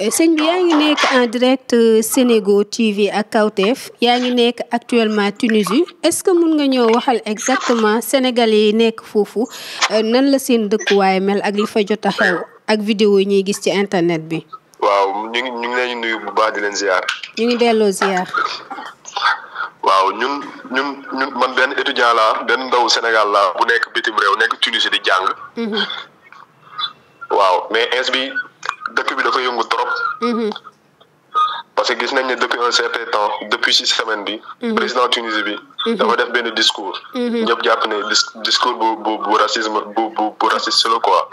Eh, sëñ bi yaa ngi nekk en direct euh, Sénégo TV ak Kawtef yaa ngi nekk actuellement Tunisie est-ce que mun nga ñëw waxal exactement sénégal yi nekk foofu euh, nan la seen dëkkuwaay mel ak li fa jot a xew ak vidéo yi ñuy gis ci internet bi. waaw ñu ngi ñu ngi leen nuyu bu baax di leen ñu ngi delloo ziar. waaw ñun ñun ñun man benn étudiant laa benn ndaw Sénégal laa bu nekk bitim réew nekk Tunisie di jàng. Mhm. waaw mais ins bi. dëkk bi dafa yëngu trop. Mhm. parce que gis nañ ne depuis un certain temps depuis six semaines bi. Mhm. président Tunisie bi. Mhm. dafa def benn discours. ñëpp jàpp ne discours bu bu bu racisme bu bu bu raciste la quoi.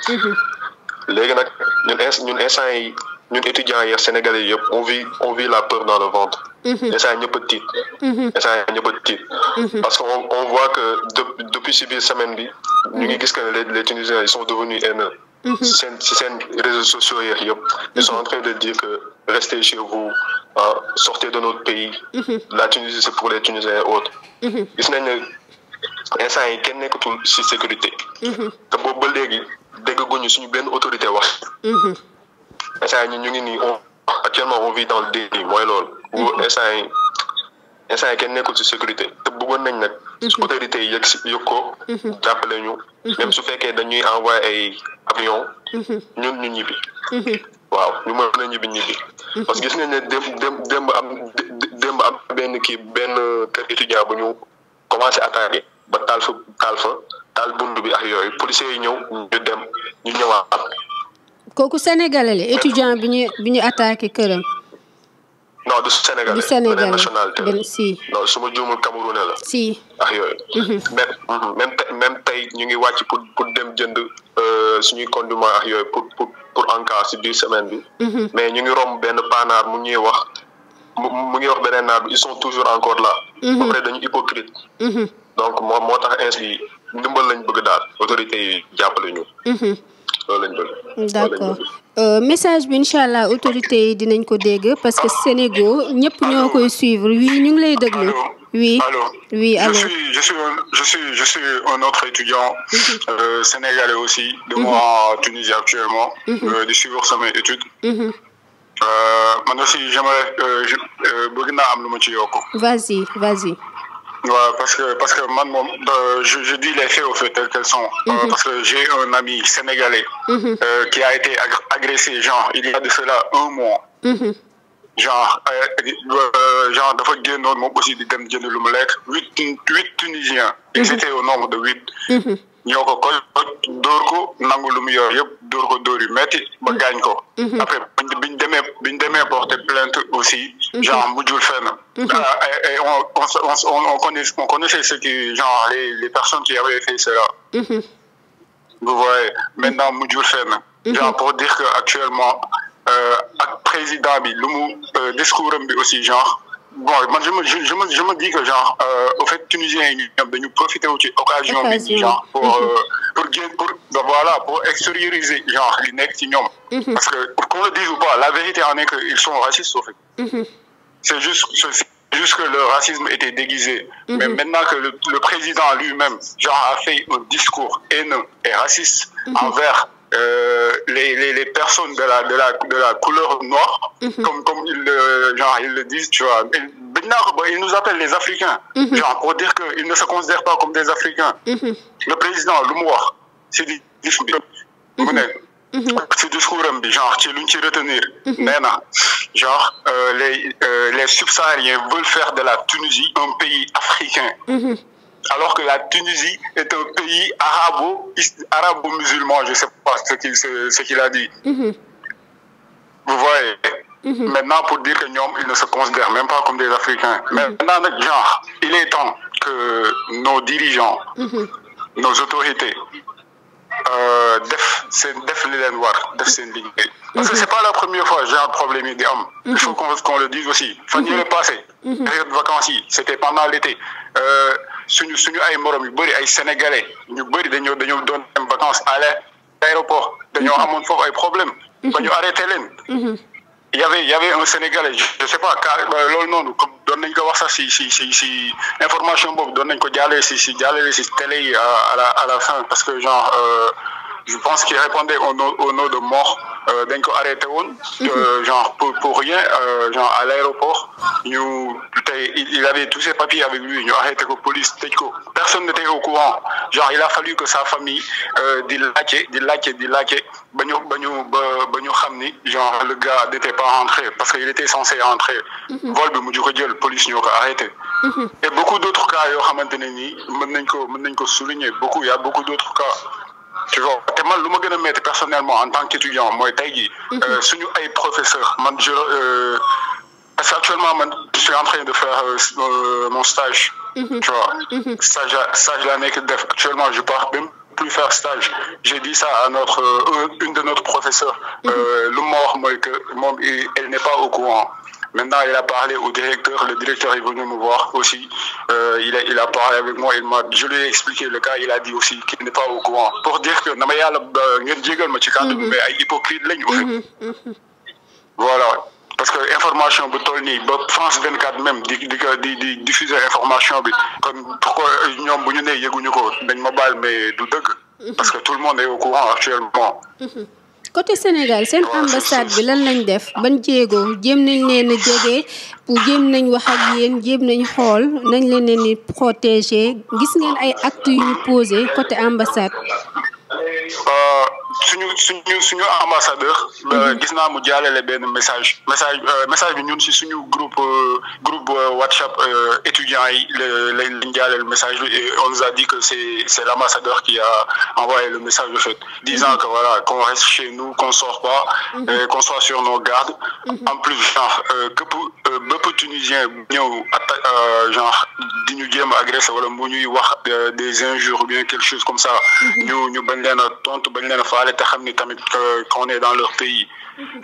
léegi nag ñun ins ñun instant yi ñun étudiants yi Sénégalais yëpp on vit on vit la peur dans le ventre. instant yi ñëpp a tiit. instant yi ñëpp a tiit. parce que on on que depuis si biir semaine bi. ñu ngi gis que les les Tunisiens ils sont devenus haineux. si mm-hmm. seen si seen réseaux sociaux yeex yëpp ils sont mm-hmm. en train de dire que restez chez vous euh, de notre pays mm-hmm. la Tunisie c'est pour les Tunisiens et autres gis nañ ne instant yi kenn nekkatul si sécurité te boobu ba léegi dégguñu suñu benn autorité wax instant yi ñi ñu ngi nii on actuellement on vit dans le déni mooy loolu bu yi instant kenn nekkul si sécurité te bëggoon nañ nag autorité yi yëg si yëg ko jàppale ñu même su fekkee dañuy envoyé ay avion. Mhm. ñun ñu ñibbi. Mhm. waaw ñu mën a ñibbi ñibbi. Mhm. parce que gis nañ ne démb démb am démb am benn kii benn kër étudiant bu ñu commencé attaqué ba taal fa taal fa taal bund bi ak yooyu policiers yi ñëw ñu dem ñu ñëwaat. kooku sénégalais la étudiant bi ñu bi ñu attaqué këram. non du Sénégal du Sénégal benn si. non su ma juumul Camerounais la. si ak ah, yooyu. Mhm. même tey ñu ngi wàcc pour pour dem jënd euh, suñuy condiments ak yooyu pour pour pour en cas si biir semaine bi. Mhm. mais ñu ngi rom benn panaar mu ñuy wax mu mu ngi wax beneen naar bi ils sont toujours encore là. ba mhm. pare dañu hypocrite. donc moo moo tax ainsi ndimbal lañ bëgg daal autorités yi jàppale ñu. loolu lañ bëgg. d'accord euh, message bi incha allah autorité yi dinañ ko dégg parce que Sénégal ñëpp ñoo koy suivre oui ñu ngi lay déglu. oui allô oui allô. je suis je suis un, autre étudiant. Mm -hmm. aussi. de mhm. moi en actuellement. Mm -hmm. de suivre samay études. Mhm. man aussi j'aimerais bëgg naa am lu ma ci yokk. waaw parce que parce que man moom je les faits au euh, mhm. mhm. euh, a été agressé genre il y a de cela un mhm. euh, dafa génnoon moom aussi di dem jënd lu mu lekk huit huit tunisiens. ils de huit. ñoo ko ko dóor nangu lu mu yor yëpp dóor ko dóor yu metti ba mm-hmm. gaañ ko mm-hmm. après biñ demee biñ demee porter plainte aussi mm-hmm. genre mujjul fenn ah, et on on on connaissait on connaissait ce qui genre les les personnes qui avaient fait cela vous voyez maintenant mujjul fenn genre pour dire que actuellement euh, ak président bi lu mu euh, discours am bi aussi genre bon man je me dis que genre euh, au fait tunisiens yi ñoom dañu profité wu ci occasion pour mhm. euh, pour génn pour voilà pour extérioriser genre li nekk ci ñoom. parce que pour qu'on le dise pas la vérité en est que ils sont racistes au fait. Mhm. c'est juste que le racisme était déguisé. Mhm. Mais maintenant que le, président lui-même, genre, a fait un discours haineux et raciste envers euh, les, les, personnes de la, de la, la couleur noire, mhm. comme, comme ils, le disent, tu vois. Ils, ils nous appellent les Africains, mm -hmm. genre, pour dire qu'ils ne se considèrent pas comme des Africains. Mm -hmm. Le président, l'Oumoir, c'est dit, si discours bi genre ci luñ ci retenir nee na les euh, les subsahariens veulent faire de la Tunisie un pays africain mhm. alors que la Tunisie est un pays arabo musulman parce ce qu'il ce qu'il a dit. Mm Vous voyez. Mm-hmm. Maintenant, pour dire que ñoom ils ne se considèrent même pas comme des Africains. Mais mm-hmm. maintenant nag genre il est temps que nos dirigeants. nos autorités. Euh, def seen def li leen war def seen liggéey. parce que c'est pas la première fois genre problème yi di am. il faut qu'on qu'on le dise aussi. fan yii la passé. yi c'était pendant l'été euh, suñu suñu ay morom yu bëri ay sénégalais ñu bëri dañoo dañoo doon dem à aéroport dañoo mhm. amoon foofu ay problème mhm. ba ñu arrêté leen mhm. y avait y avait un sénégalais je sais pas car euh, loolu noonu comme doon nañ ko wax sax si si si si information boobu doon nañ ko jàllee si si jàllale si télé euh, à la à la fin parce que genre euh, je pense qu'il répondait au nom au nom de mort euh, dañ ko arrêté woon. Euh, mhm. genre pour pour rien euh, à l'aéroport ñu tey il avait tous ses papiers avec lui ñu arrêté ko police tëj ko personne n'était au courant genre il a fallu que sa famille di laajte di laajte di laajte ba ñu ba ñu ba ba ñu xam ni genre le gars n'était pas rentré parce que il était censé rentrer. Mhm. vol bi mujj ko jël police ñoo ko arrêté. Mhm. et beaucoup d'autres cas yoo xamante ne nii mën nañ ko mën nañ ko souligner beaucoup il y a beaucoup d'autres tu vois te man lu ma gën a métti personnellement en tant qu'étudiant mooy tey jii. Mhm. Euh, suñu ay professeur man je euh, parce que actuellement man je suis en train de faire euh, mon stage. Mhm. tu vois mhm. def actuellement je pars même plus faire stage j'ai dit ça à notre une de notre professeur. lu ma wax mooy que moom elle n'est pas au courant. Maintenant, il a parlé au directeur. Le directeur est venu me voir aussi. Euh, il, a, parlé avec moi. Il m'a, je lui ai expliqué le cas. Il a dit aussi qu'il n'est pas au courant. Pour dire que, euh, non, mhm. mais il y a le hypocrite. Mhm, mhm, voilà. parce que information bu toll nii ba France 24 même di di di di diffuser information bi kon pourquoi ñoom bu ñu nee yëguñu ko dañ ma baal mais du dëgg. parce que tout le monde est au courant actuellement. côté Sénégal seen ambassade bi lan lañ def ban jéego jéem nañ leen a jege jéem nañ wax yeen jéem nañ xool nañ leen leen di protéger gis ngeen ay actes yu ñu posé côté ambassade. Euh, suñu suñu suñu ambassadeur. Euh, mhm. gis naa mu jàllale benn message message euh, message bi ñun si suñu groupe euh, groupe WhatsApp étudiants yi la lañ jàllale message bi et on nous a dit que c'est c'est l'ambassadeur qui a envoyé le message de fait disant mhm. que voilà qu'on reste chez nous qu'on sort pas mhm. qu'on soit sur nos gardes en plus genre que bépp Tunisien ñëw genre ñu jéem a agressé wala mu ñuy wax euh, des injures ou bien quelque chose comme ça mm-hmm. ñu ñu bañ leen a tontu bañ leen a faale te ni tamit qu'on est dans leur pays mm-hmm.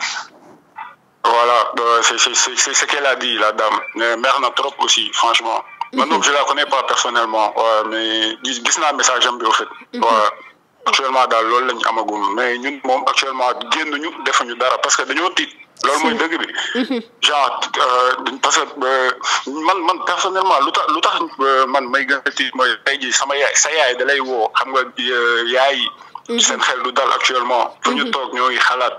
voilà euh, c'est c'est c'est ce qu'elle a dit la dame mais mer na trop aussi franchement mm-hmm. man donc je la connais pas personnellement mais gis gis naa message am bi au fait actuellement daal lool lañu amagum mais ñun moom actuellement génn ñu defuñu dara parce que dañoo tiit loolu mooy dëgg bi mhm. genre euh, parce que euh, man man personnellement lu tax lu tax euh, man may gën mooy tey jii sama yaay sa yaay da woo xam nga yaay mhm. seen xel du dal actuellement fu ñu mhm. toog ñoo ngi xalaat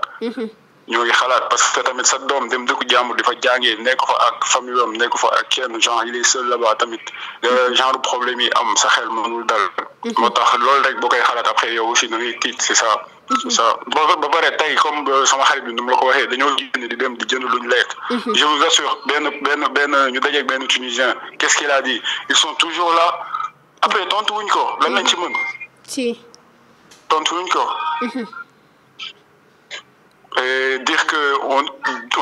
yooyu xalaat parce que tamit sa doom dem dëkku jàmbur di fa jàngee nekk fa ak famille am nekk fa ak kenn genre il est seul là-bas tamit euh, genre problème yi am sa xel mënul dal. Mhm. moo tax loolu rek boo koy xalaat après yow aussi da ngay tiit c'est ça. Mhm. c'est ça ba ba pare tey comme euh, sama xarit bi nu mu la ko waxee dañoo génn di dem di lu luñ lekk. Mhm. je vous assure benn benn benn ñu dajeeg benn tunisien qu'est-ce qu'il a dit ils sont toujours là après tontu wuñ ko lan lañ ci mën. ci tontu wuñ ko. et dire que on,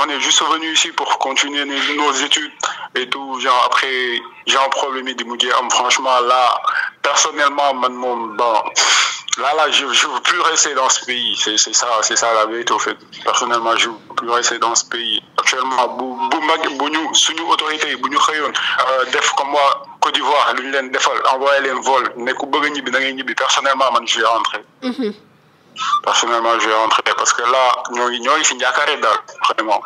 on est juste venu ici pour continuer nos études et tout genre après j'ai problème yi di mujjee am ah, franchement là personnellement man moom bon là là je je veux plus rester dans ce pays c'est c'est ça c'est ça la vérité au fait personnellement je plus rester dans ce pays actuellement bu bu mag bu ñu suñu autorité yi bu ñu xëyoon euh, def comme waa Côte d'Ivoire lu ñu leen defal envoyé leen vol ne ku bëgg a ñibbi da ngay ñibbi personnellement man je vais personnellement je vais parce que là ñoo ngi ñoo ngi si njàkkaare daal vraiment.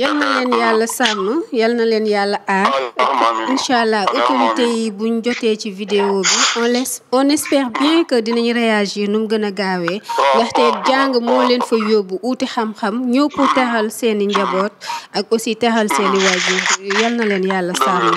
yal na leen yàlla sàmm yal na leen yàlla aar. Ah, incha allah ah, yi buñ jotee ci vidéo bi on les espère bien que dinañ réagir nu mu gën a gaawee. Ah, ndaxte jàng moo leen fa yóbbu uuti xam-xam ñëw pour taxal njaboot ak aussi taxal seeni i waajur yal na leen yàlla sàmm.